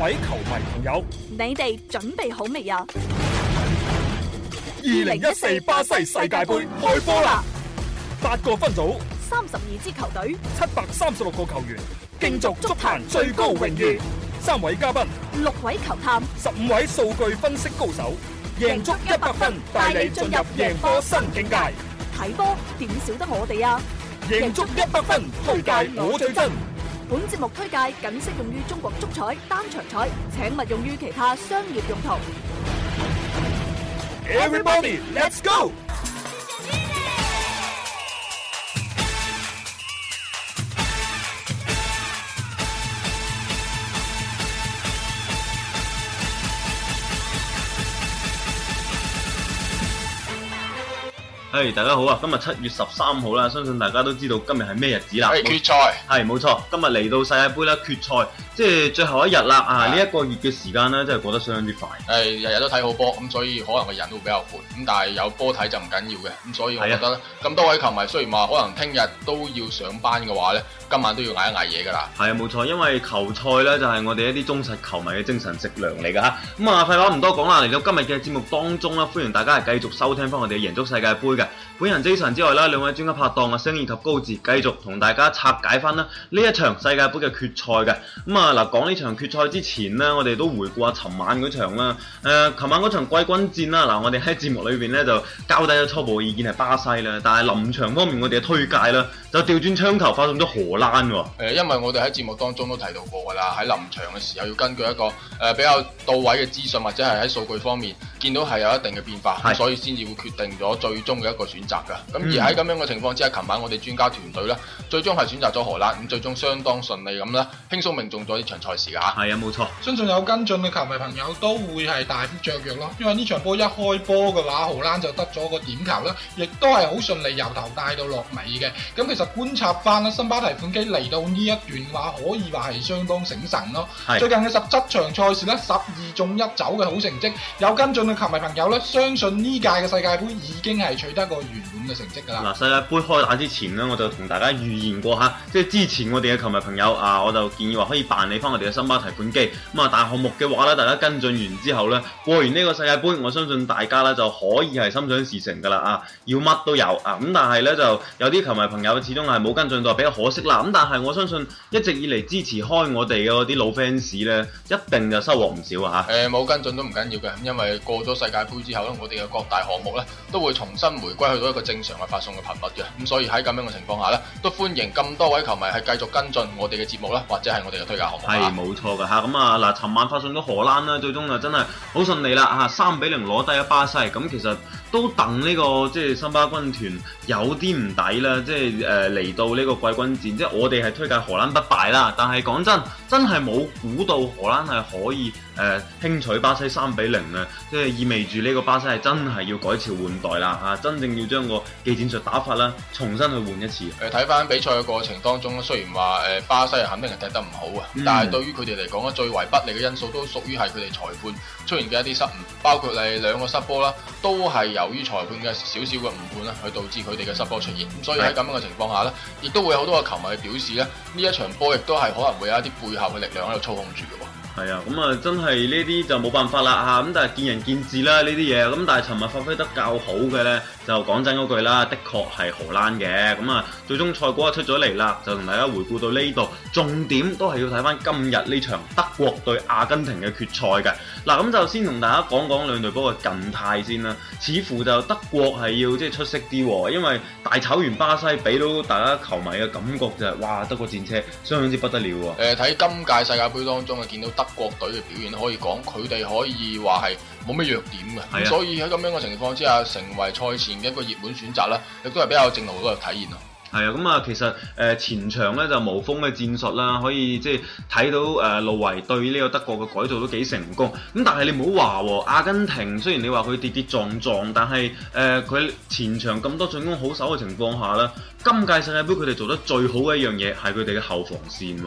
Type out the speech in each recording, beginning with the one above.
位球迷朋友，你哋準備好未呀？二零一四巴西世界杯開波啦！八個分組，三十二支球隊，七百三十六個球員，競逐足壇最高榮譽。三位嘉賓，六位球探，十五位數據分析高手，贏足一百分，帶你進入贏波新境界。睇波點少得我哋呀？贏足一百分推介我最真。本節目推介僅適用於中國足彩單場彩，請勿用於其他商業用途。Everybody, let's go！誒、hey，大家好啊！今日七月十三號啦，相信大家都知道今日係咩日子啦。係、hey, 決賽。係冇錯，今日嚟到世界杯啦，決賽，即係最後一日啦。Yeah. 啊，呢一個月嘅時間咧，真係過得相當之快。誒、hey，日日都睇好波，咁所以可能個人都會比較攰。咁但係有波睇就唔緊要嘅。咁所以我覺得，咁多位球迷雖然話可能聽日都要上班嘅話咧。今晚都要挨一挨嘢噶啦，係啊冇錯，因為球賽咧就係、是、我哋一啲忠實球迷嘅精神食糧嚟噶嚇。咁啊廢話唔多講啦，嚟到今日嘅節目當中啦，歡迎大家係繼續收聽翻我哋嘅《贏足世界盃嘅本人 Jason 之外啦，兩位專家拍檔啊星以及高志繼續同大家拆解翻啦呢一場世界盃嘅決賽嘅。咁啊嗱、啊、講呢場決賽之前呢，我哋都回顧下尋晚嗰場啦。誒、呃、尋晚嗰場季軍戰啦，嗱、啊、我哋喺節目裏邊咧就交代咗初步意見係巴西啦，但係臨場方面我哋嘅推介啦就調轉槍頭發送咗荷。因為我哋喺節目當中都提到過㗎啦，喺臨場嘅時候要根據一個誒比較到位嘅資訊或者係喺數據方面見到係有一定嘅變化，所以先至會決定咗最終嘅一個選擇㗎。咁而喺咁樣嘅情況之下，琴晚我哋專家團隊咧最終係選擇咗荷蘭，咁最終相當順利咁咧，輕鬆命中咗呢場賽事㗎嚇。係啊，冇錯。相信有跟進嘅球迷朋友都會係大幅著藥咯，因為呢場波一開波嘅話，荷蘭就得咗個點球啦，亦都係好順利由頭帶到落尾嘅。咁其實觀察翻啦，新巴提。嚟到呢一段話，可以話係相當醒神咯。最近嘅十七場賽事呢，十二中一走嘅好成績，有跟進嘅球迷朋友呢，相信呢屆嘅世界杯已經係取得個圓滿嘅成績噶啦。嗱、啊，世界杯開打之前呢，我就同大家預言過吓，即係之前我哋嘅球迷朋友啊，我就建議話可以辦理翻我哋嘅森巴提款機。咁啊，大項目嘅話呢，大家跟進完之後呢，過完呢個世界杯，我相信大家呢就可以係心想事成噶啦啊，要乜都有啊。咁但係呢，就有啲球迷朋友始終係冇跟進，到，比較可惜啦。咁但係我相信一直以嚟支持開我哋嗰啲老 fans 咧，一定就收穫唔少啊吓！誒，冇跟進都唔緊要嘅，因為過咗世界杯之後呢，我哋嘅各大項目呢，都會重新回歸去到一個正常嘅發送嘅頻率嘅，咁所以喺咁樣嘅情況下呢，都歡迎咁多位球迷係繼續跟進我哋嘅節目啦，或者係我哋嘅推介項目。係冇錯㗎吓，咁啊嗱，尋晚發送咗荷蘭啦，最終啊真係好順利啦吓，三比零攞低咗巴西，咁、啊、其實都等呢、呢個即係桑巴軍團有啲唔抵啦，即係誒嚟到呢個季軍戰。即係我哋係推介荷蘭不敗啦，但係講真。真係冇估到荷蘭係可以誒輕、呃、取巴西三比零啊！即係意味住呢個巴西係真係要改朝換代啦、啊、真正要將個技戰術打法啦，重新去換一次。睇、呃、翻比賽嘅過程當中咧，雖然話、呃、巴西係肯定係踢得唔好啊、嗯，但係對於佢哋嚟講咧，最為不利嘅因素都屬於係佢哋裁判出現嘅一啲失誤，包括你兩個失波啦，都係由於裁判嘅少少嘅誤判啦，去導致佢哋嘅失波出現。咁所以喺咁樣嘅情況下呢，亦都會有好多個球迷表示咧，呢一場波亦都係可能會有一啲背球嘅力量喺度操控住嘅喎。係啊，咁、嗯、啊真係呢啲就冇辦法啦嚇，咁、啊、但係見仁見智啦呢啲嘢，咁但係尋日發揮得較好嘅呢，就講真嗰句啦，的確係荷蘭嘅，咁、嗯、啊最終賽果出咗嚟啦，就同大家回顧到呢度，重點都係要睇翻今日呢場德國對阿根廷嘅決賽嘅。嗱、啊，咁就先同大家講講兩隊嗰個近態先啦，似乎就德國係要即係、就是、出色啲喎，因為大炒完巴西，俾到大家球迷嘅感覺就係、是，哇，德國戰車相當之不得了喎、啊。睇今屆世界盃當中啊，見到。德國隊嘅表現可以講，佢哋可以話係冇乜弱點嘅，咁、係啊、所以喺咁樣嘅情況之下，成為賽前嘅一個熱門選擇啦，亦都係比較有正路嘅體現咯。係啊，咁啊，其實誒前場咧就是無鋒嘅戰術啦，可以即係睇到誒路維對呢個德國嘅改造都幾成功。咁但係你唔好話，阿根廷雖然你話佢跌跌撞撞，但係誒佢前場咁多進攻好手嘅情況下咧，今屆世界盃佢哋做得最好嘅一樣嘢係佢哋嘅後防線。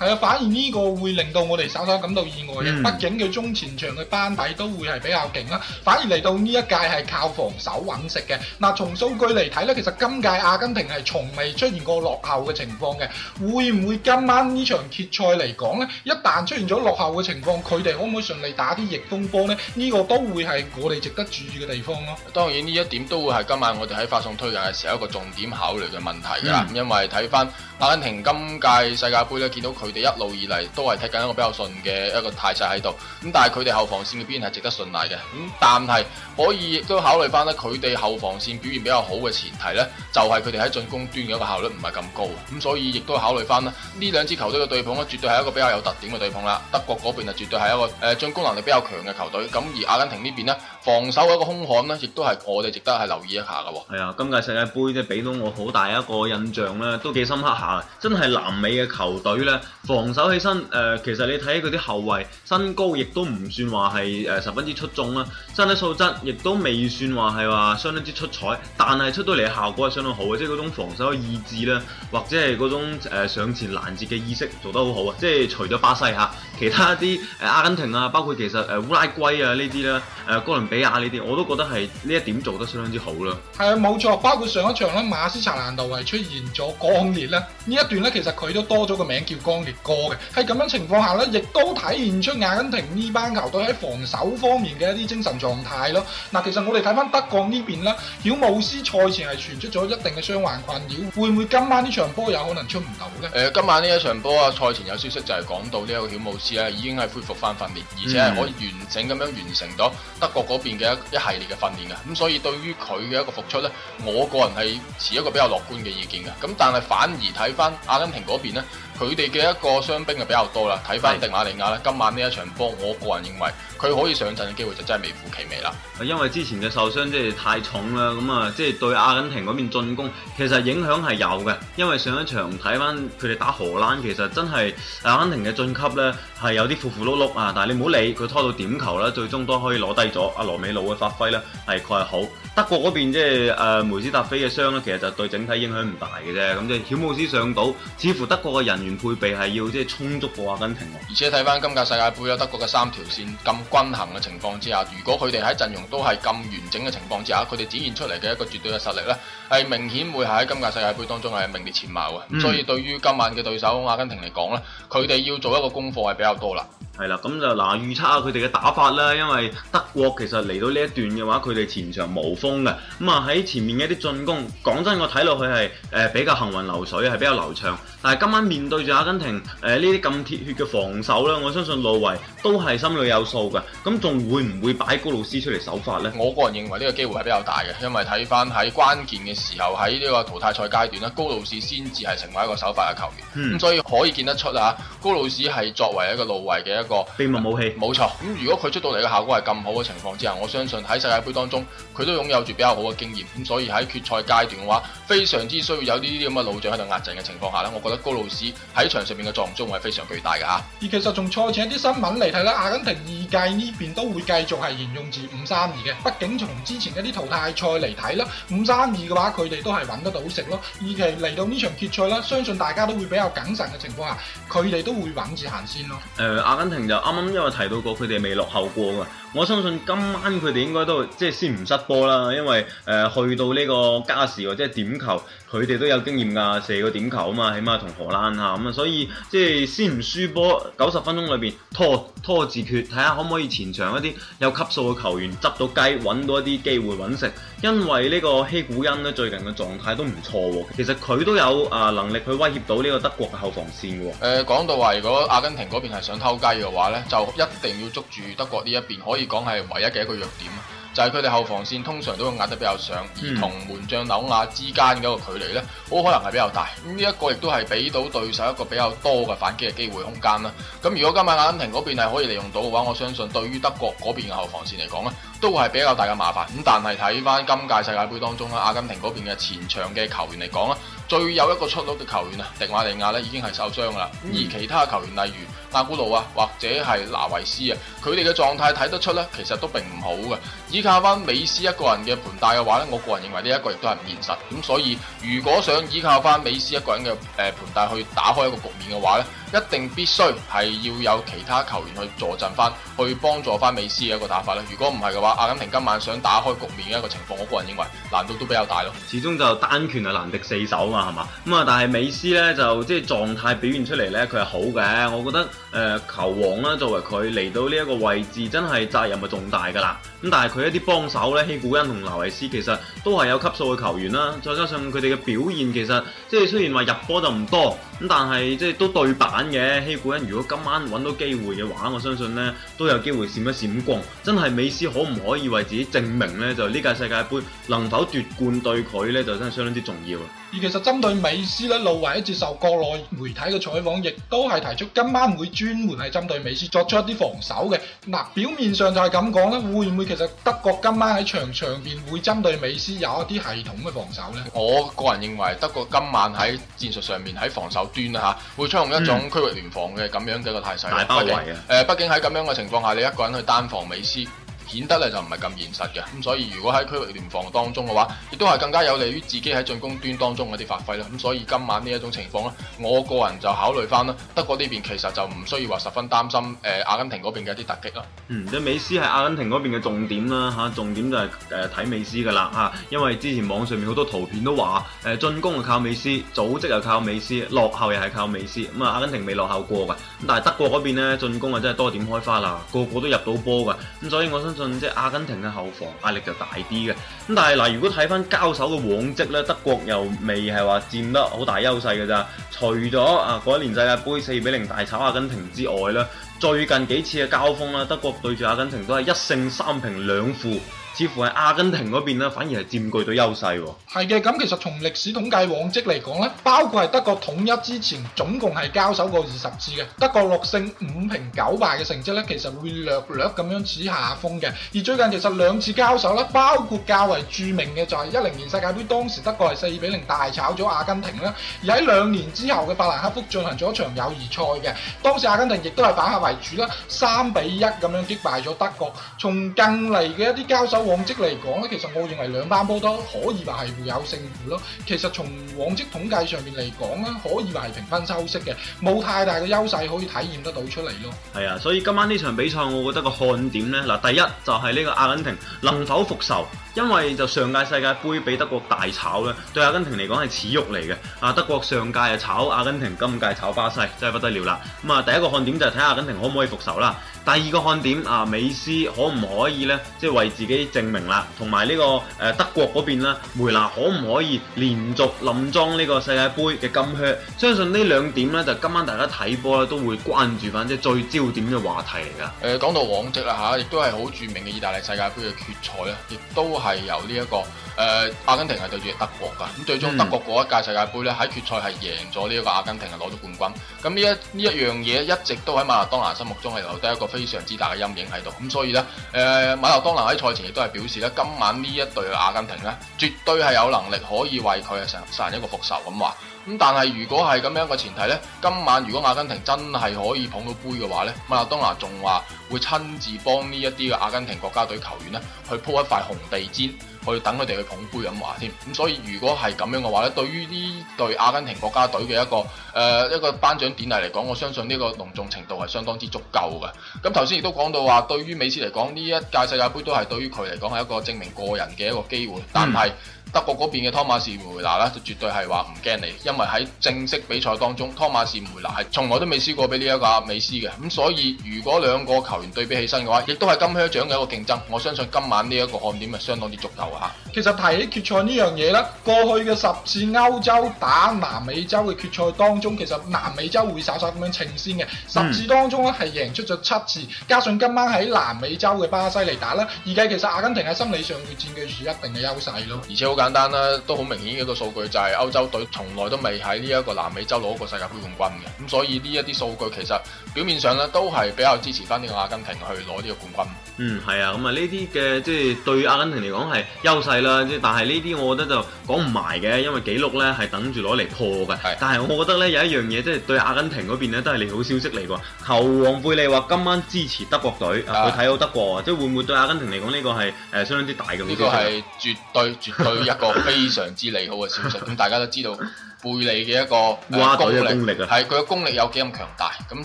係啊，反而呢個會令到我哋稍稍感到意外嘅。畢竟佢中前場嘅班底都會係比較勁啦。反而嚟到呢一屆係靠防守揾食嘅。嗱，從數據嚟睇咧，其實今屆阿根廷係從未出現過落後嘅情況嘅。會唔會今晚呢場決賽嚟講咧，一旦出現咗落後嘅情況，佢哋可唔可以順利打啲逆風波咧？呢個都會係我哋值得注意嘅地方咯。當然呢一點都會係今晚我哋喺發送推介嘅時候一個重點考慮嘅問題㗎啦。因為睇返阿根廷今屆世界盃咧，見到佢。佢哋一路以嚟都係踢緊一個比較順嘅一個態勢喺度，咁但係佢哋後防線嘅表現係值得信賴嘅，咁但係可以亦都考慮翻，咧，佢哋後防線表現比較好嘅前提咧，就係佢哋喺進攻端嘅一個效率唔係咁高，咁所以亦都考慮翻咧，呢兩支球隊嘅對碰咧，絕對係一個比較有特點嘅對碰啦。德國嗰邊啊，絕對係一個誒、呃、進攻能力比較強嘅球隊，咁而阿根廷呢邊呢，防守一個兇悍呢，亦都係我哋值得係留意一下嘅。係、哎、啊，今屆世界盃咧，俾到我好大一個印象咧，都幾深刻下，真係南美嘅球隊咧。防守起身，誒、呃，其實你睇佢啲後衞身高亦都唔算話係誒十分之出眾啦，身體素質亦都未算話係話相當之出彩，但係出到嚟嘅效果係相當好嘅，即係嗰種防守嘅意志咧，或者係嗰種、呃、上前攔截嘅意識做得好好啊！即係除咗巴西嚇，其他啲誒、呃、阿根廷啊，包括其實誒烏拉圭啊呢啲啦，誒、呃、哥倫比亞呢啲，我都覺得係呢一點做得相當之好啦。係啊，冇錯，包括上一場啦，馬斯查蘭就係出現咗光烈啦，呢一段咧其實佢都多咗個名叫光烈。個嘅喺咁樣情況下咧，亦都體現出阿根廷呢班球隊喺防守方面嘅一啲精神狀態咯。嗱，其實我哋睇翻德國呢邊啦，曉姆斯賽前係傳出咗一定嘅傷患困擾，會唔會今晚呢場波有可能出唔到咧？誒、呃，今晚呢一場波啊，賽前有消息就係講到呢一個曉姆斯啊，已經係恢復翻訓練，而且係可以完整咁樣完成咗德國嗰邊嘅一一系列嘅訓練嘅。咁、啊、所以對於佢嘅一個復出呢，我個人係持一個比較樂觀嘅意見嘅。咁、啊、但係反而睇翻阿根廷嗰邊呢。佢哋嘅一個傷兵就比較多啦，睇翻迪馬利亞啦，今晚呢一場波，我個人認為。佢可以上陣嘅機會就真係微乎其微啦。因為之前嘅受傷即係太重啦，咁啊即係對阿根廷嗰邊進攻其實影響係有嘅。因為上一場睇翻佢哋打荷蘭，其實真係阿根廷嘅晉級呢係有啲糊糊碌碌啊。但你唔好理佢拖到點球呢，最終都可以攞低咗。阿羅美魯嘅發揮呢係確係好。德國嗰邊即係梅斯達菲嘅傷呢，其實就對整體影響唔大嘅啫。咁即係曉姆斯上到，似乎德國嘅人員配備係要即係充足過阿根廷喎。而且睇翻今屆世界盃有德國嘅三條線咁。均衡嘅情況之下，如果佢哋喺陣容都係咁完整嘅情況之下，佢哋展現出嚟嘅一個絕對嘅實力呢，係明顯會喺今屆世界盃當中係名列前茅嘅、嗯。所以對於今晚嘅對手阿根廷嚟講呢，佢哋要做一個功課係比較多啦。係啦，咁就嗱預測下佢哋嘅打法啦。因為德國其實嚟到呢一段嘅話，佢哋前場無鋒嘅，咁啊喺前面嘅一啲進攻，講真的我睇落去係誒比較行雲流水，係比較流暢。但係今晚面對住阿根廷，誒呢啲咁鐵血嘅防守呢，我相信路維都係心裏有數㗎。咁仲會唔會擺高路斯出嚟首發呢？我個人認為呢個機會係比較大嘅，因為睇翻喺關鍵嘅時候喺呢個淘汰賽階段呢，高路斯先至係成為一個首發嘅球員。咁、嗯、所以可以見得出啊，高路斯係作為一個路維嘅一個秘密武器。冇錯。咁如果佢出到嚟嘅效果係咁好嘅情況之下，我相信喺世界盃當中佢都擁有住比較好嘅經驗。咁所以喺決賽階段嘅話，非常之需要有呢啲咁嘅老將喺度壓陣嘅情況下我高老師喺場上面嘅助攻係非常巨大嘅啊！而其實從賽前一啲新聞嚟睇咧，阿根廷二屆呢邊都會繼續係沿用住五三二嘅。畢竟從之前的一啲淘汰賽嚟睇咧，五三二嘅話佢哋都係揾得到食咯。而其嚟到呢場決賽咧，相信大家都會比較謹慎嘅情況下，佢哋都會揾住行先咯。誒、呃，阿根廷就啱啱因為提到過，佢哋未落後過嘅。我相信今晚佢哋應該都即係先唔失波啦，因為誒、呃、去到呢個加時或者點球，佢哋都有經驗噶射個點球啊嘛，起碼同荷蘭啊咁啊，所以即係先唔輸波，九十分鐘裏邊拖拖字訣，睇下可唔可以前場一啲有級數嘅球員執到雞，揾到一啲機會揾食。因為呢個希古恩咧最近嘅狀態都唔錯，其實佢都有啊能力去威脅到呢個德國嘅後防線喎。誒、呃、講到話如果阿根廷嗰邊係想偷雞嘅話咧，就一定要捉住德國呢一邊可以講係唯一嘅一個弱點，就係佢哋後防線通常都會壓得比較上，而同門將紐亞之間嘅一個距離呢，好可能係比較大。咁呢一個亦都係俾到對手一個比較多嘅反擊嘅機會空間啦。咁如果今晚阿根廷嗰邊係可以利用到嘅話，我相信對於德國嗰邊嘅後防線嚟講呢都係比較大嘅麻煩，咁但係睇翻今屆世界盃當中啦，阿根廷嗰邊嘅前場嘅球員嚟講啦，最有一個出路嘅球員啊，迪馬利亞咧已經係受傷㗎啦、嗯，而其他球員例如阿古路啊，或者係拿維斯啊，佢哋嘅狀態睇得出咧，其實都並唔好嘅。依靠翻美斯一個人嘅盤帶嘅話咧，我個人認為呢一個亦都係唔現實，咁所以如果想依靠翻美斯一個人嘅誒盤帶去打開一個局面嘅話咧。一定必須係要有其他球員去助陣翻，去幫助翻美斯嘅一個打法咧。如果唔係嘅話，阿根廷今晚想打開局面嘅一個情況，我個人認為難度都比較大咯。始終就單拳就難敵四手啊嘛，係嘛？咁啊，但係美斯呢，就即係、就是、狀態表現出嚟呢，佢係好嘅。我覺得誒、呃、球王啦，作為佢嚟到呢一個位置，真係責任係重大㗎啦。咁但係佢一啲幫手呢，希古恩同劉維斯其實都係有級數嘅球員啦。再加上佢哋嘅表現，其實即係、就是、雖然話入波就唔多。咁但係即係都對版嘅，希古恩如果今晚揾到機會嘅話，我相信呢都有機會閃一閃光。真係美斯可唔可以為自己證明呢？就呢屆世界盃能否奪冠對佢呢？就真係相當之重要。而其實針對美斯咧，路維喺接受國內媒體嘅採訪，亦都係提出今晚會專門係針對美斯作出一啲防守嘅。嗱、啊，表面上就係咁講啦，會唔會其實德國今晚喺場場邊會針對美斯有一啲系統嘅防守呢？我個人認為，德國今晚喺戰術上面喺防守端啦嚇，會採用一種區域聯防嘅咁樣嘅一個態勢。大包圍啊！誒，畢竟喺咁、呃、樣嘅情況下，你一個人去單防美斯。顯得咧就唔係咁現實嘅，咁所以如果喺區域聯防當中嘅話，亦都係更加有利於自己喺進攻端當中嗰啲發揮咯。咁所以今晚呢一種情況咧，我個人就考慮翻啦，德國呢邊其實就唔需要話十分擔心誒、呃、阿根廷嗰邊嘅一啲突擊啦。嗯，啲美斯係阿根廷嗰邊嘅重點啦嚇、啊，重點就係誒睇美斯噶啦嚇，因為之前網上面好多圖片都話誒、啊、進攻係靠美斯，組織又靠美斯，落後又係靠美斯，咁、嗯、啊阿根廷未落後過㗎，咁、嗯、但係德國嗰邊咧進攻啊真係多點開花啦，個個都入到波㗎，咁、嗯、所以我相信。即係阿根廷嘅後防壓力就大啲嘅，咁但係嗱，如果睇翻交手嘅往績咧，德國又未係話佔得好大優勢嘅咋，除咗啊嗰一年世界杯四比零大炒阿根廷之外咧，最近幾次嘅交鋒咧，德國對住阿根廷都係一勝三平兩負。似乎係阿根廷嗰邊咧，反而係佔據到優勢喎。係嘅，咁其實從歷史統計往績嚟講咧，包括係德國統一之前總共係交手過二十次嘅，德國六勝五平九敗嘅成績咧，其實會略略咁樣處下風嘅。而最近其實兩次交手咧，包括較為著名嘅就係一零年世界盃當時德國係四比零大炒咗阿根廷啦，而喺兩年之後嘅法蘭克福進行咗一場友誼賽嘅，當時阿根廷亦都係反客為主啦，三比一咁樣擊敗咗德國。從近嚟嘅一啲交手。往績嚟講咧，其實我認為兩班波都可以話係會有勝負咯。其實從往績統計上面嚟講咧，可以話係平分收息嘅，冇太大嘅優勢可以體驗得到出嚟咯。係啊，所以今晚呢場比賽，我覺得個看點咧，嗱，第一就係呢個阿根廷能否復仇、嗯，因為就上屆世界盃俾德國大炒啦，對阿根廷嚟講係恥辱嚟嘅。啊，德國上屆就炒阿根廷，今屆炒巴西，真係不得了啦。咁、嗯、啊，第一個看點就係睇阿根廷可唔可以復仇啦。第二個看點啊，美斯可唔可以咧，即、就、係、是、為自己。證明啦，同埋呢個誒、呃、德國嗰邊啦，梅拿可唔可以連續連莊呢個世界盃嘅金靴？相信這兩呢兩點咧，就今晚大家睇波咧都會關注翻，即係最焦點嘅話題嚟㗎。誒、呃、講到往績啦嚇，亦都係好著名嘅意大利世界盃嘅決賽啦、啊，亦都係由呢、這、一個誒、呃、阿根廷係對住德國㗎。咁、啊、最終德國嗰一屆世界盃咧喺決賽係贏咗呢一個阿根廷，係攞咗冠軍。咁呢一呢一樣嘢一直都喺馬拉當拿心目中係留低一個非常之大嘅陰影喺度。咁所以咧，誒、呃、馬拉當拿喺賽前亦都。都係表示咧，今晚呢一隊嘅阿根廷咧，絕對係有能力可以為佢啊殺殺一個復仇咁話。咁但係如果係咁樣嘅前提咧，今晚如果阿根廷真係可以捧到杯嘅話咧，麥納多納仲話會親自幫呢一啲嘅阿根廷國家隊球員咧，去鋪一塊紅地毯。去等佢哋去捧杯咁話添，咁所以如果係咁樣嘅話咧，對於呢隊阿根廷國家隊嘅一個誒、呃、一個頒獎典禮嚟講，我相信呢個隆重程度係相當之足夠嘅。咁頭先亦都講到話，對於美斯嚟講呢一屆世界杯都係對於佢嚟講係一個證明個人嘅一個機會，但係德國嗰邊嘅湯馬斯梅拿咧，就絕對係話唔驚你，因為喺正式比賽當中，湯馬斯梅拿係從來都未輸過俾呢一個美斯嘅。咁所以如果兩個球員對比起身嘅話亦都係金靴獎嘅一個競爭，我相信今晚呢一個看點係相當之足夠。其實提起決賽呢樣嘢咧，過去嘅十次歐洲打南美洲嘅決賽當中，其實南美洲會稍稍咁樣稱先嘅。十次當中咧係贏出咗七次，加上今晚喺南美洲嘅巴西嚟打咧，而家其實阿根廷喺心理上會占據住一定嘅優勢咯。而且好簡單啦，都好明顯嘅一個數據就係歐洲隊從來都未喺呢一個南美洲攞過世界杯冠軍嘅。咁所以呢一啲數據其實。表面上咧都係比較支持翻呢個阿根廷去攞呢個冠軍。嗯，係啊，咁啊呢啲嘅即係對阿根廷嚟講係優勢啦，即係但係呢啲我覺得就講唔埋嘅，因為記錄咧係等住攞嚟破嘅。係，但係我覺得咧有一樣嘢即係對阿根廷嗰邊咧都係利好消息嚟㗎。球王貝利話今晚支持德國隊，佢睇好德國啊，即係會唔會對阿根廷嚟講呢個係誒相當之大嘅？呢個係絕對絕對一個非常之利好嘅消息。咁 大家都知道。貝利嘅一個哇功力，啊、呃，係，佢嘅功力有幾咁強大，咁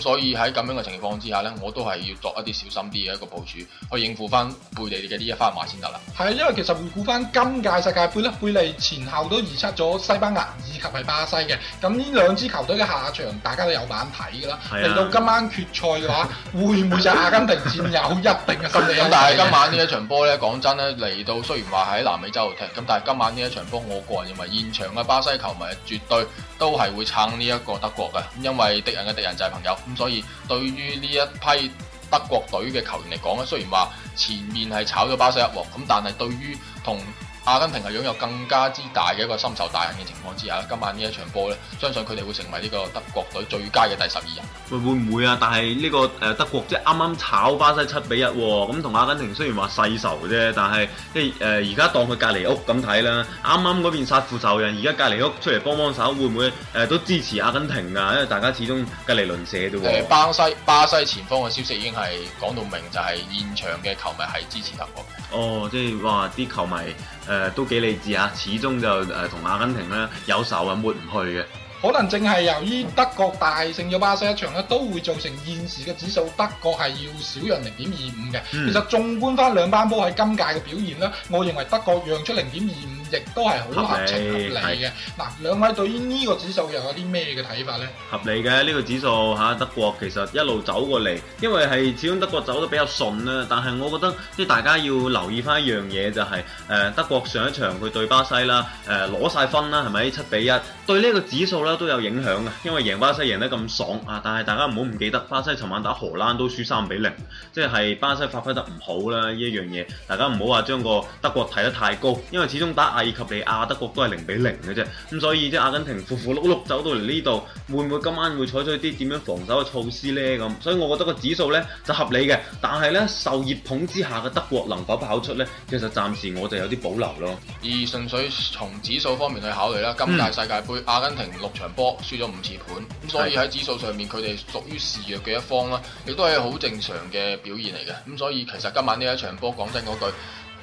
所以喺咁樣嘅情況之下咧，我都係要作一啲小心啲嘅一個部署，去應付翻貝利嘅呢一番話先得啦。係啊，因為其實回顧翻今屆世界盃咧，貝利前後都預測咗西班牙。係巴西嘅，咁呢兩支球隊嘅下場，大家都有眼睇㗎喇。嚟、啊、到今晚決賽嘅話， 會唔會就阿根廷佔有一定嘅心理？咁 但係今晚呢一場波咧，講真咧，嚟到雖然話喺南美洲度踢，咁但係今晚呢一場波，我個人認為現場嘅巴西球迷絕對都係會撐呢一個德國嘅，因為敵人嘅敵人就係朋友。咁所以對於呢一批德國隊嘅球員嚟講咧，雖然話前面係炒咗巴西一鑊，咁但係對於同阿根廷係擁有更加之大嘅一個深仇大恨嘅情況之下，今晚呢一場波咧，相信佢哋會成為呢個德國隊最佳嘅第十二人。會唔會啊？但係呢個德國即係啱啱炒巴西七比一喎、啊，咁同阿根廷雖然話細仇啫，但係即係而家當佢隔離屋咁睇啦。啱啱嗰邊殺父仇人，而家隔離屋出嚟幫幫手，會唔會都支持阿根廷啊？因為大家始終隔離鄰舍啫、啊、巴西巴西前方嘅消息已經係講到明，就係現場嘅球迷係支持德國。哦，即係話，啲球迷誒都幾理智啊，始終就誒同阿根廷咧有仇啊，抹唔去嘅。可能正係由於德國大勝咗巴西一場咧，都會造成現時嘅指數德國係要少讓零點二五嘅。其實縱觀翻兩班波喺今屆嘅表現咧，我認為德國讓出零點二五。亦都係好合情合理嘅。嗱，兩位對於呢個指數又有啲咩嘅睇法呢？合理嘅，呢個指數吓，德國其實一路走過嚟，因為係始終德國走得比較順啦。但係我覺得大家要留意翻一樣嘢、就係，就、呃、係德國上一場佢對巴西啦，攞、呃、晒分啦，係咪七比一？對呢個指數咧都有影響啊，因為贏巴西贏得咁爽啊。但係大家唔好唔記得，巴西尋晚打荷蘭都輸三比零，即係巴西發揮得唔好啦。呢一樣嘢，大家唔好話將個德國睇得太高，因為始終打。埃及利亞德國都係零比零嘅啫，咁所以即阿根廷苦苦碌碌走到嚟呢度，會唔會今晚會採取啲點樣防守嘅措施呢？咁所以，我覺得個指數呢就合理嘅，但係呢，受熱捧之下嘅德國能否跑出呢？其實暫時我就有啲保留咯。而純粹從指數方面去考慮啦，今屆世界盃、嗯、阿根廷六場波輸咗五次盤，咁所以喺指數上面佢哋屬於示弱嘅一方啦，亦都係好正常嘅表現嚟嘅。咁所以其實今晚呢一場波，講真嗰句。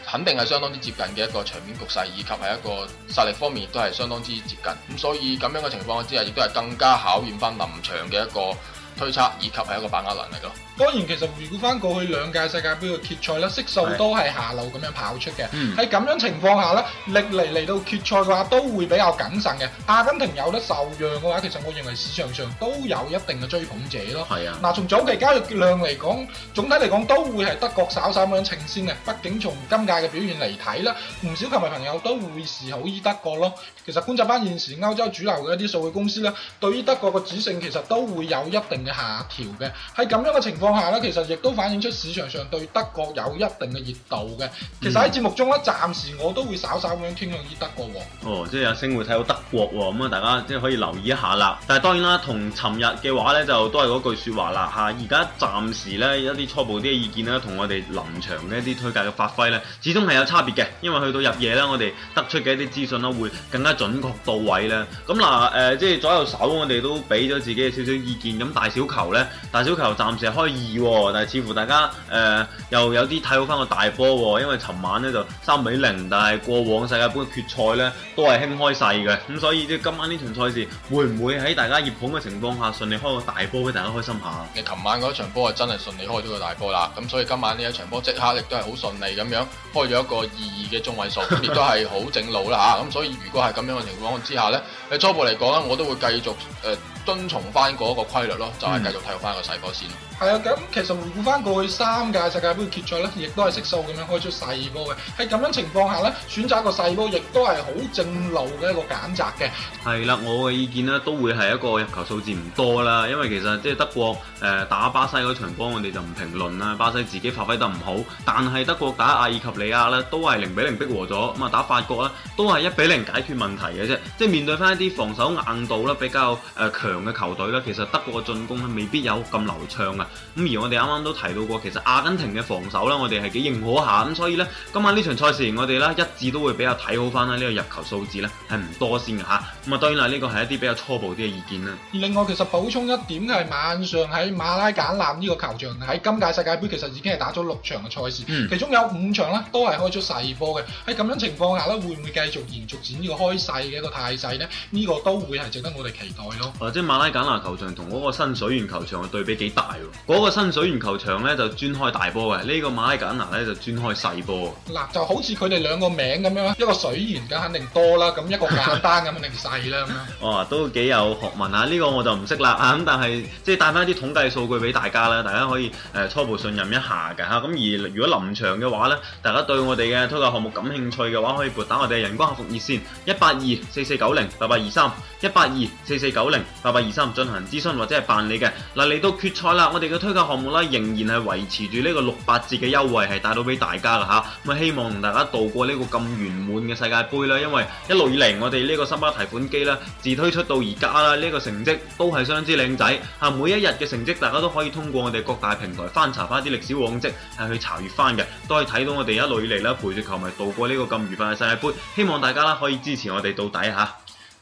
肯定係相當之接近嘅一個場面局勢，以及係一個實力方面都係相當之接近。咁所以咁樣嘅情況之下，亦都係更加考驗返臨場嘅一個推測，以及係一個把握能力咯。當然，其實回顧翻過去兩屆世界盃嘅決賽咧，色數都係下流咁樣跑出嘅。喺咁樣情況下咧，歷嚟嚟到決賽嘅話，都會比較謹慎嘅。阿根廷有得受讓嘅話，其實我認為市場上都有一定嘅追捧者咯。係啊，嗱，從早期交易量嚟講，總體嚟講都會係德國稍稍咁樣領先嘅。畢竟從今屆嘅表現嚟睇啦，唔少球迷朋友都會視好於德國咯。其實觀察翻現時歐洲主流嘅一啲數據公司咧，對於德國嘅指數其實都會有一定嘅下調嘅。喺咁樣嘅情況下啦，其實亦都反映出市場上對德國有一定嘅熱度嘅。其實喺節目中咧，暫時我都會稍稍咁樣傾向於德國喎、哦嗯。哦，即係有聲會睇到德國喎、哦，咁啊，大家即係可以留意一下啦。但係當然啦，同尋日嘅話咧，就都係嗰句説話啦嚇。而家暫時咧，一啲初步啲嘅意見啦，同我哋臨場嘅一啲推介嘅發揮咧，始終係有差別嘅，因為去到入夜啦，我哋得出嘅一啲資訊啦，會更加準確到位咧。咁嗱，誒、呃，即係左右手我哋都俾咗自己嘅少少意見，咁大小球咧，大小球暫時開。二，但係似乎大家誒、呃、又有啲睇好翻個大波喎，因為尋晚呢就三比零，但係過往世界盃嘅決賽咧都係興開細嘅，咁所以即今晚呢場賽事會唔會喺大家熱捧嘅情況下順利開個大波俾大家開心下？你尋晚嗰場波係真係順利開咗個大波啦，咁所以今晚呢一場波即刻亦都係好順利咁樣開咗一個二二嘅中位數，亦 都係好正路啦嚇，咁所以如果係咁樣嘅情況之下呢，喺初步嚟講呢，我都會繼續誒。呃遵從翻嗰一個規律咯，就係、是、繼續睇翻個細波先。係、嗯、啊，咁其實回顧翻過去三屆世界盃決賽咧，亦都係悉數咁樣開出細波嘅。喺咁樣情況下咧，選擇個個細波亦都係好正路嘅一個揀擇嘅。係啦，我嘅意見咧都會係一個入球數字唔多啦，因為其實即係德國、呃、打巴西嗰場波我哋就唔評論啦，巴西自己發揮得唔好，但係德國打阿爾及利亞咧都係零比零逼和咗，咁啊打法國咧都係一比零解決問題嘅啫，即係面對翻一啲防守硬度啦比較強嘅球隊啦，其實德國嘅進攻咧未必有咁流暢啊，咁而我哋啱啱都提到過，其實阿根廷嘅防守啦，我哋係幾認可下咁，所以咧今晚呢場賽事我哋啦一致都會比較睇好翻啦呢個入球數字咧係唔多先嘅吓，咁啊當然啦呢個係一啲比較初步啲嘅意見啦。而另外其實補充一點嘅係晚上喺馬拉簡納呢個球場喺今屆世界盃其實已經係打咗六場嘅賽事、嗯，其中有五場呢都係開出細波嘅，喺咁樣的情況下咧會唔會繼續延續展呢個開細嘅一個態勢呢？呢、呢個都會係值得我哋期待咯。馬拉簡拿球場同嗰個新水源球場嘅對比幾大？嗰個新水源球場咧就專開大波嘅，呢、這個馬拉簡拿咧就專開細波。嗱，就好似佢哋兩個名咁樣，一個水源梗肯定多啦，咁一個簡單咁肯定細啦咁樣。哦、 啊，都幾有學問吓，呢、這個我就唔識啦。咁但係即係帶翻一啲統計數據俾大家啦，大家可以誒初步信任一下嘅吓。咁而如果臨場嘅話咧，大家對我哋嘅推介項目感興趣嘅話，可以撥打我哋嘅人工客服熱線一八二四四九零八八二三一八二四四九零八二三進行諮詢或者係辦理嘅。嗱，嚟到決賽啦！我哋嘅推介項目啦，仍然係維持住呢個六八折嘅優惠係帶到俾大家啦嚇，咁、啊、希望大家度過呢個咁圓滿嘅世界盃啦，因為一路以嚟我哋呢個新巴提款機啦，自推出到而家啦，呢個成績都係相當之靚仔嚇，每一日嘅成績大家都可以通過我哋各大平台翻查翻啲歷史往績係去查閲翻嘅，都可以睇到我哋一路以嚟啦陪住球迷度過呢個咁愉快嘅世界盃，希望大家啦可以支持我哋到底嚇。啊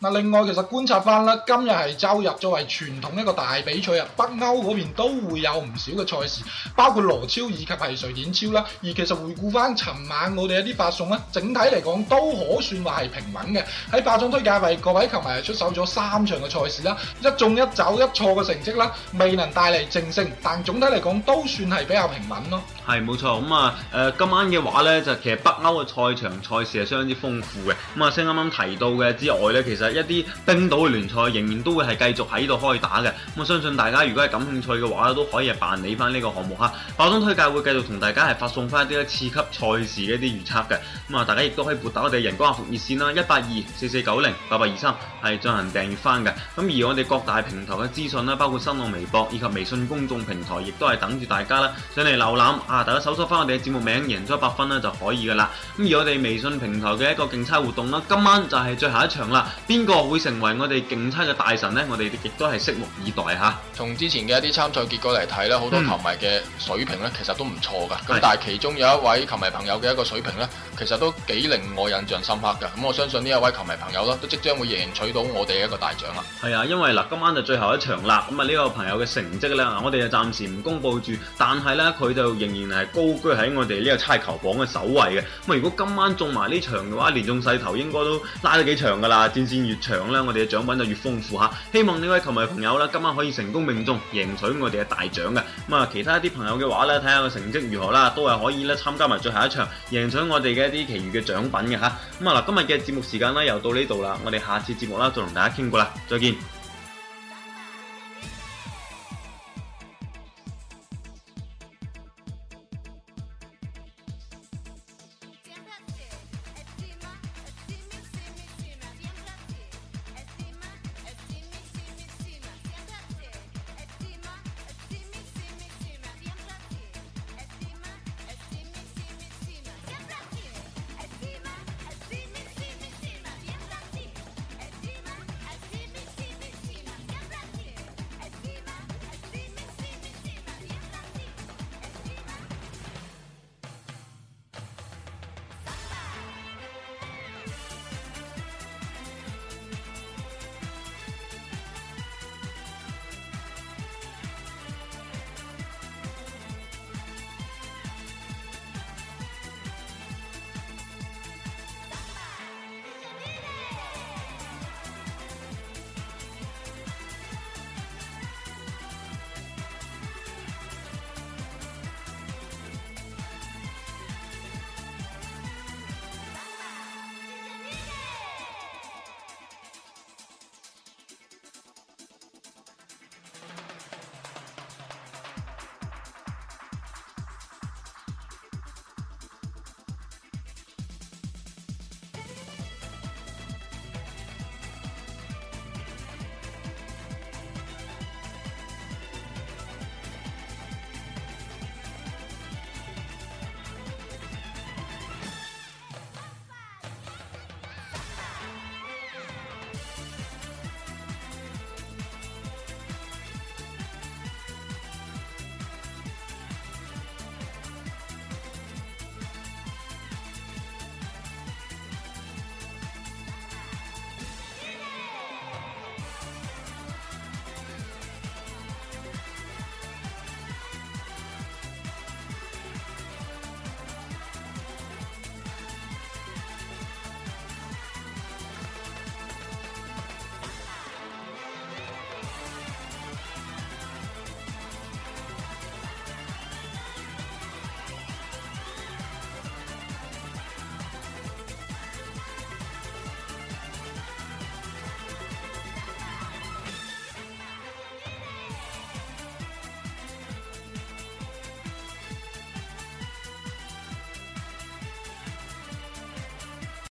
嗱，另外其實觀察翻啦，今日係周日作為傳統一個大比賽啊，北歐嗰邊都會有唔少嘅賽事，包括羅超以及係瑞典超啦。而其實回顧翻尋晚我哋一啲發送咧，整體嚟講都可算話係平穩嘅。喺八莊推介為各位球迷係出手咗三場嘅賽事啦，一中一走一錯嘅成績啦，未能帶嚟正勝，但總體嚟講都算係比較平穩咯。係冇錯，咁啊、嗯呃、今晚嘅話咧，就其實北歐嘅賽場賽事係相當之豐富嘅。咁、嗯、啊，先啱啱提到嘅之外咧，其實一啲冰島嘅聯賽仍然都會係繼續喺度開打嘅，咁我相信大家如果係感興趣嘅話咧，都可以辦理翻呢個項目下。我方推介會繼續同大家係發送翻一啲次級賽事嘅一啲預測嘅，咁啊，大家亦都可以撥打我哋人工客服熱線啦，一八二四四九零八八二三係進行訂閲翻嘅。咁而我哋各大平台嘅資訊啦，包括新浪微博以及微信公眾平台，亦都係等住大家啦上嚟瀏覽啊，大家搜索翻我哋嘅節目名《贏咗一百分》就可以噶啦。咁而我哋微信平台嘅一個競猜活動啦，今晚就係最後一場啦，邊邊個會成為我哋競猜嘅大神呢？我哋亦都係拭目以待吓。從之前嘅一啲參賽結果嚟睇呢，好多球迷嘅水平呢，其實都唔錯噶。咁、嗯、但係其中有一位球迷朋友嘅一個水平呢，其實都幾令我印象深刻噶。咁我相信呢一位球迷朋友咧，都即將會贏取到我哋一個大獎啦。係啊，因為嗱，今晚就最後一場啦。咁啊，呢個朋友嘅成績呢，我哋就暫時唔公布住。但係呢，佢就仍然係高居喺我哋呢個猜球榜嘅首位嘅。咁如果今晚中埋呢場嘅話，連中勢頭應該都拉咗幾長噶啦，戰線。越長咧，我哋嘅獎品就越豐富吓。希望呢位球迷朋友咧，今晚可以成功命中，贏取我哋嘅大獎嘅。咁啊，其他一啲朋友嘅話咧，睇下個成績如何啦，都係可以咧參加埋最後一場，贏取我哋嘅一啲其餘嘅獎品嘅吓。咁啊，嗱，今日嘅節目時間咧又到呢度啦，我哋下次節目啦再同大家傾過啦，再見。